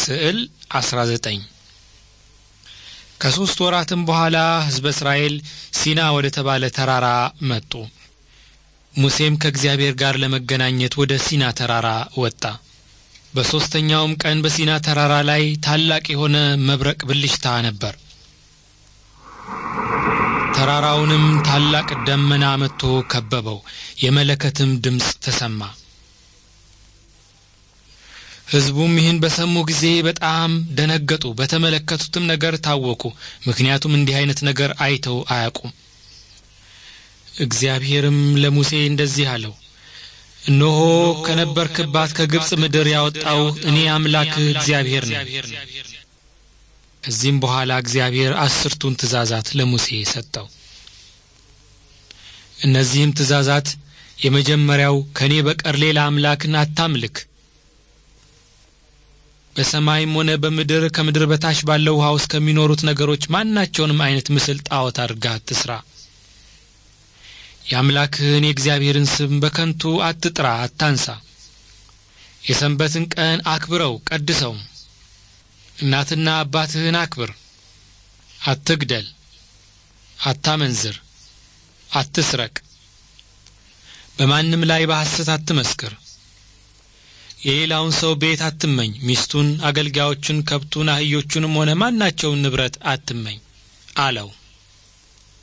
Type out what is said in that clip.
ስዕል 19 ከሦስት ወራትም በኋላ ሕዝበ እስራኤል ሲና ወደ ተባለ ተራራ መጡ። ሙሴም ከእግዚአብሔር ጋር ለመገናኘት ወደ ሲና ተራራ ወጣ። በሦስተኛውም ቀን በሲና ተራራ ላይ ታላቅ የሆነ መብረቅ ብልሽታ ነበር። ተራራውንም ታላቅ ደመና መጥቶ ከበበው። የመለከትም ድምፅ ተሰማ። ሕዝቡም ይህን በሰሙ ጊዜ በጣም ደነገጡ፣ በተመለከቱትም ነገር ታወቁ ምክንያቱም እንዲህ አይነት ነገር አይተው አያውቁም። እግዚአብሔርም ለሙሴ እንደዚህ አለው፣ እነሆ ከነበርክባት ከግብፅ ምድር ያወጣው እኔ አምላክህ እግዚአብሔር ነው። ከዚህም በኋላ እግዚአብሔር አስርቱን ትእዛዛት ለሙሴ ሰጠው። እነዚህም ትእዛዛት የመጀመሪያው ከእኔ በቀር ሌላ አምላክን አታምልክ በሰማይም ሆነ በምድር ከምድር በታች ባለው ውሃ ውስጥ ከሚኖሩት ነገሮች ማናቸውንም አይነት ምስል ጣዖት አድርጋ አትስራ። የአምላክህን የእግዚአብሔርን ስም በከንቱ አትጥራ፣ አታንሳ። የሰንበትን ቀን አክብረው ቀድሰው። እናትና አባትህን አክብር። አትግደል። አታመንዝር። አትስረቅ። በማንም ላይ በሐሰት አትመስክር። የሌላውን ሰው ቤት አትመኝ ሚስቱን አገልጋዮቹን ከብቱን አህዮቹንም ሆነ ማናቸውን ንብረት አትመኝ አለው